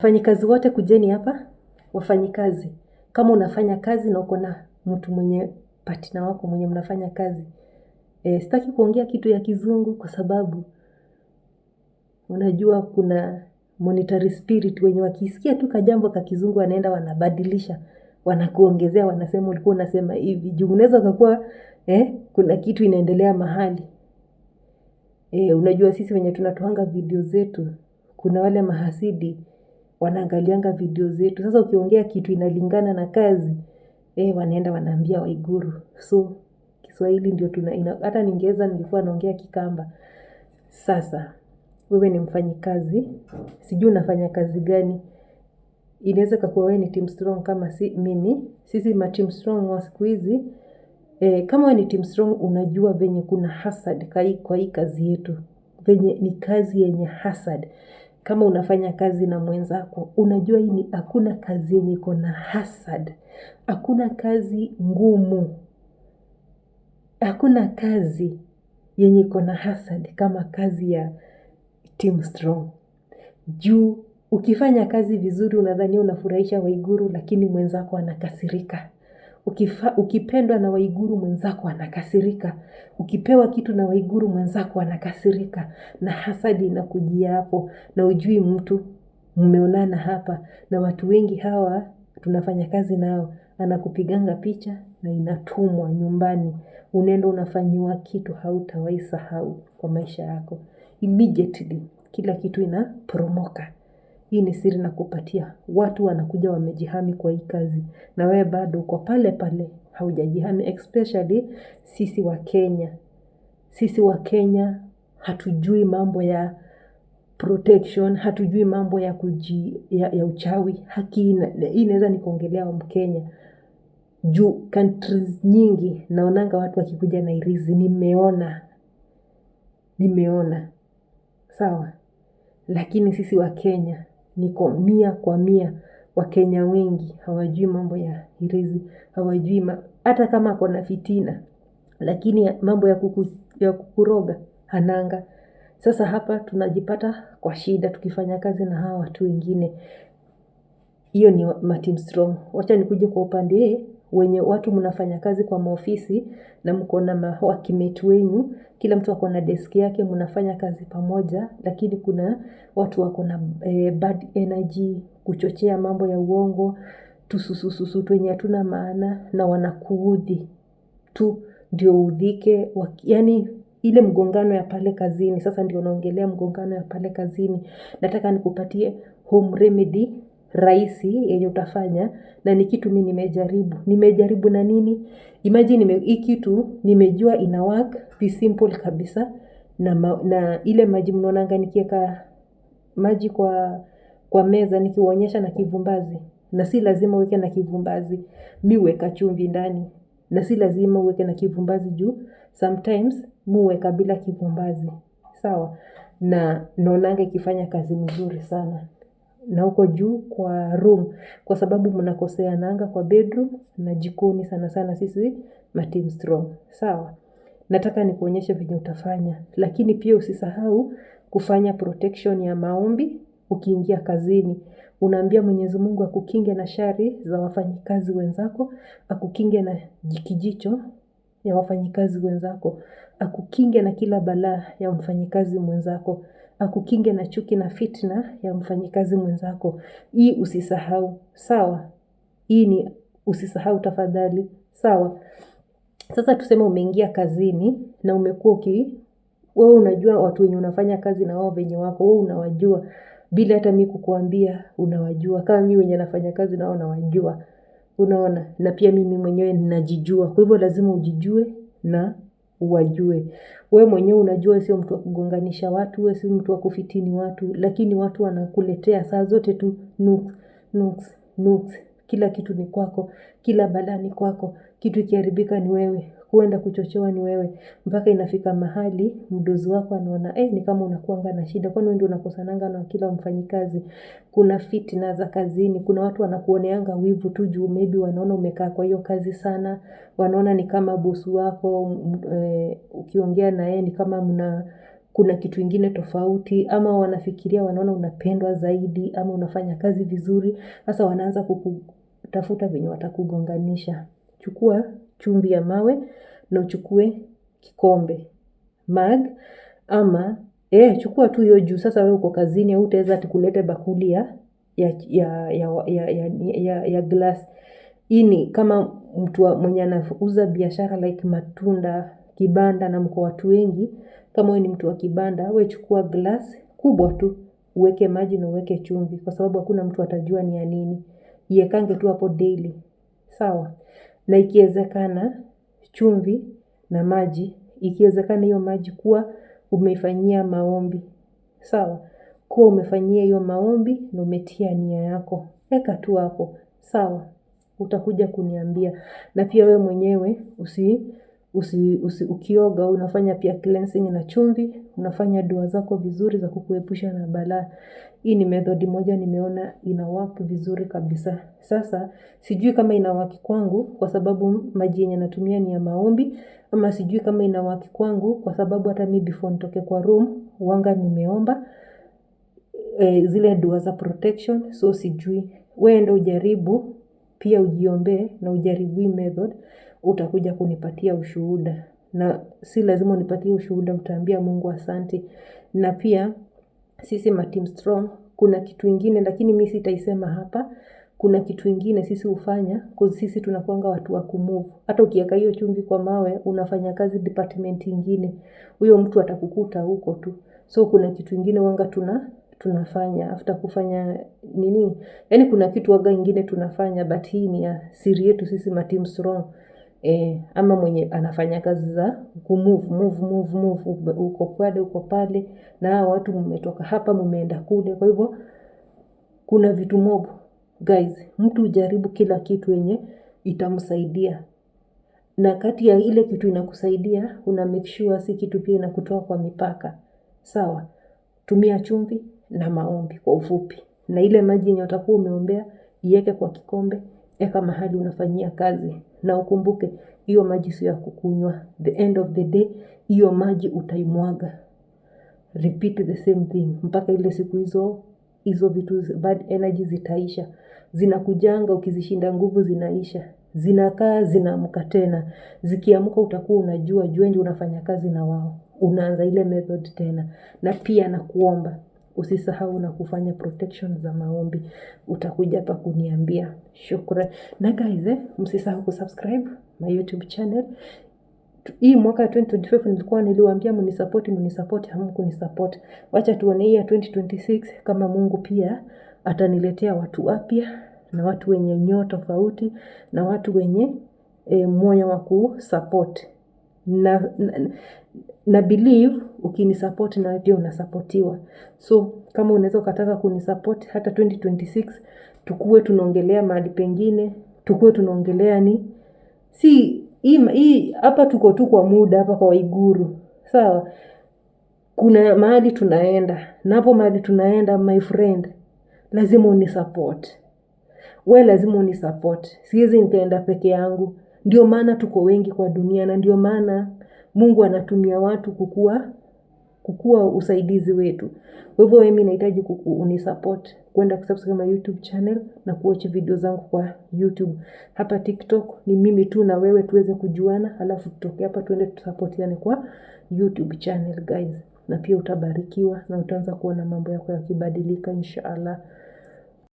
Wafanyikazi wote kujeni hapa, wafanyikazi. Kama unafanya kazi na uko na mtu mwenye partner wako mwenye mnafanya kazi. E, sitaki kuongea kitu ya kizungu kwa sababu unajua kuna monetary spirit wenye wakisikia tu kajambo ka kizungu wanaenda wanabadilisha, wanakuongezea, wanasema ulikuwa unasema hivi. Juu unaweza ukakuwa eh, kuna kitu inaendelea mahali. eh, unajua sisi wenye tunatoanga video zetu kuna wale mahasidi wanaangalianga video zetu. Sasa ukiongea kitu inalingana na kazi eh, wanaenda wanaambia Waiguru. So Kiswahili ndio tuna hata ningeweza nilikuwa naongea Kikamba. Sasa wewe ni mfanyikazi, sijui unafanya kazi gani. Inaweza kakuwa wewe ni team strong kama si mimi. Sisi ma team strong wa siku hizi E, kama we ni team strong unajua venye kuna hasad kwa hii kazi yetu, venye ni kazi yenye hasad. Kama unafanya kazi na mwenzako, unajua ini ni hakuna kazi yenye iko na hasad, hakuna kazi ngumu, hakuna kazi yenye iko na hasad kama kazi ya tim Strong. Juu ukifanya kazi vizuri unadhania unafurahisha Waiguru, lakini mwenzako anakasirika ukifa, ukipendwa na Waiguru mwenzako anakasirika, ukipewa kitu na Waiguru mwenzako anakasirika, na hasadi inakujia hapo, na ujui mtu mmeonana hapa, na watu wengi hawa tunafanya kazi nao, anakupiganga picha na inatumwa nyumbani, unaenda unafanyiwa kitu hautawahi sahau kwa maisha yako. Immediately kila kitu inaporomoka hii ni siri na kupatia Watu wanakuja wamejihami kwa hii kazi na wewe bado uko pale pale haujajihami, especially sisi wa Kenya. Sisi wa Kenya hatujui mambo ya protection, hatujui mambo ya kuji, ya, ya uchawi. Haki hii inaweza nikaongelea wa Mkenya juu countries nyingi naonanga watu wakikuja na irizi, nimeona nimeona sawa, lakini sisi wa Kenya niko mia kwa mia wakenya wengi hawajui mambo ya hirizi hawajui ma, hata kama kona fitina lakini mambo ya, kuku, ya kukuroga hananga sasa hapa tunajipata kwa shida tukifanya kazi na hawa watu wengine hiyo ni matim Strong wacha nikuje kwa upande wenye watu mnafanya kazi kwa maofisi na mko na mawakimetu wenyu, kila mtu ako na deski yake, mnafanya kazi pamoja, lakini kuna watu wako na eh, bad energy, kuchochea mambo ya uongo, tususususu wenye hatuna maana, na wanakuudhi tu ndio udhike, yani ile mgongano ya pale kazini. Sasa ndio naongelea mgongano ya pale kazini, nataka nikupatie home remedy rahisi yenye utafanya na ni kitu mi nimejaribu. Nimejaribu na nini? Imagine hii kitu nimejua ina work be simple kabisa na ile maji mnaonanga nikieka maji kwa meza nikiwaonyesha na kivumbazi na si lazima uweke na kivumbazi mi chumvi ndani na si lazima uweke na kivumbazi juu sometimes muweka bila kivumbazi sawa na naonanga ikifanya kazi mzuri sana na huko juu kwa room kwa sababu mnakosea nanga kwa bedroom na jikoni sana sana sisi ma team strong sawa nataka nikuonyeshe venye utafanya lakini pia usisahau kufanya protection ya maombi ukiingia kazini unaambia Mwenyezi Mungu akukinge na shari za wafanyikazi wenzako akukinge na kijicho ya wafanyikazi wenzako akukinge na kila balaa ya mfanyikazi mwenzako, akukinge na chuki na fitna ya mfanyikazi mwenzako. Hii usisahau, sawa? Hii ni usisahau tafadhali, sawa? Sasa tuseme umeingia kazini na umekuwa uki wewe unajua watu wenye unafanya kazi na wao venye wako, wewe unawajua bila hata mimi kukuambia, unawajua. Kama mimi wenye nafanya kazi na wao nawajua, unaona, na pia mimi mwenyewe ninajijua. Kwa hivyo lazima ujijue na wajue. We mwenyewe unajua sio mtu wa kugonganisha watu, we sio mtu wa kufitini watu, lakini watu wanakuletea saa zote tu nuks, nuks, nuks. Kila kitu ni kwako, kila balaa ni kwako, kitu ikiharibika ni wewe huenda kuchochewa ni wewe mpaka inafika mahali mdozi wako anaona eh, ni kama unakuanga na shida, kwani wewe ndio unakosananga na kila mfanyikazi. Kuna fitina za kazini, kuna watu wanakuoneanga wivu tu juu maybe wanaona umekaa kwa hiyo kazi sana, wanaona ni kama bosi wako e, ukiongea na yeye ni kama mna kuna kitu ingine tofauti, ama wanafikiria wanaona unapendwa zaidi, ama unafanya kazi vizuri. Sasa wanaanza kukutafuta venye watakugonganisha. Chukua chumvi ya mawe na uchukue kikombe mug ama eh, chukua tu hiyo juu sasa wewe uko kazini au utaweza tukulete bakuli ya ya ya ya, ya, ya, ya, ya glass Ini kama mtu mwenye anauza biashara like matunda kibanda na mko watu wengi kama wewe ni mtu wa kibanda wewe chukua glass kubwa tu uweke maji na uweke chumvi kwa sababu hakuna mtu atajua ni ya nini iwekange tu hapo daily sawa na ikiwezekana chumvi na maji. ikiwezekana hiyo maji kuwa umeifanyia maombi. Sawa, kuwa umefanyia hiyo maombi na umetia nia yako. weka tu hapo. Sawa, utakuja kuniambia. Na pia we mwenyewe usi usi, usi, ukioga unafanya pia cleansing na chumvi, unafanya dua zako vizuri za kukuepusha na balaa. Hii ni methodi moja nimeona ina work vizuri kabisa. Sasa sijui kama ina work kwangu kwa sababu maji yenye natumia ni ya maombi, ama sijui kama ina work kwangu kwa sababu hata mimi before nitoke kwa room wanga nimeomba e, zile dua za protection. So sijui wewe, ndio ujaribu pia, ujiombee na ujaribu hii method utakuja kunipatia ushuhuda. Na si lazima unipatie ushuhuda utaambia Mungu asante. Na pia sisi ma Team Strong kuna kitu ingine lakini mimi sitaisema hapa. Kuna kitu ingine sisi hufanya cause sisi tunakuanga watu wa kumove. Hata ukiweka hiyo chumvi kwa mawe unafanya kazi department ingine. Huyo mtu atakukuta huko tu. So kuna kitu ingine wanga tuna tunafanya after kufanya nini? Yaani kuna kitu waga ingine tunafanya but hii ni ya siri yetu sisi ma Team Strong. Eh, ama mwenye anafanya kazi za kumove move move move, uko pale uko pale, na watu mmetoka hapa mmeenda kule. Kwa hivyo kuna vitu mob guys, mtu ujaribu kila kitu yenye itamsaidia na kati ya ile kitu inakusaidia una make sure si kitu pia inakutoa kwa mipaka. Sawa, tumia chumvi na maombi kwa ufupi, na ile maji yenye utakuwa umeombea iweke kwa kikombe. Eka mahali unafanyia kazi na ukumbuke hiyo maji sio ya kukunywa. The end of the day hiyo maji utaimwaga. Repeat the same thing mpaka ile siku hizo hizo vitu bad energy zitaisha. Zinakujanga ukizishinda nguvu zinaisha. Zinakaa zinaamka tena. Zikiamka utakuwa unajua juu unafanya kazi na wao. Unaanza ile method tena na pia nakuomba Usisahau na kufanya protection za maombi. Utakuja hapa kuniambia. Shukran. Na guys, eh, msisahau kusubscribe my YouTube channel. Hii mwaka 2025 nilikuwa niliwaambia mnisapoti, mnisapoti, hamkunisupport. Wacha tuone hii ya 2026 kama Mungu pia ataniletea watu wapya na watu wenye nyoo tofauti na watu wenye e, moyo wa kusupport na, na na believe ukinisupport na pia unasupportiwa. So kama unaweza ukataka kunisupport hata 2026 tukue tunaongelea mahali pengine, tukue tunaongelea ni si hii hapa tuko tu kwa muda hapa kwa Waiguru. Sawa? Kuna mahali tunaenda. Na hapo mahali tunaenda my friend, lazima unisupport. We lazima unisupport. Siwezi nikaenda peke yangu. Ndio maana tuko wengi kwa dunia na ndio maana Mungu anatumia watu kukua kukua usaidizi wetu. Kwa hivyo mimi nahitaji unisupport kwenda kusubscribe YouTube channel na kuwatch video zangu kwa YouTube. Hapa TikTok ni mimi tu na wewe tuweze kujuana, alafu tutoke hapa tuende tusupportiane kwa YouTube channel guys, na pia utabarikiwa na utaanza kuona mambo yako yakibadilika inshallah.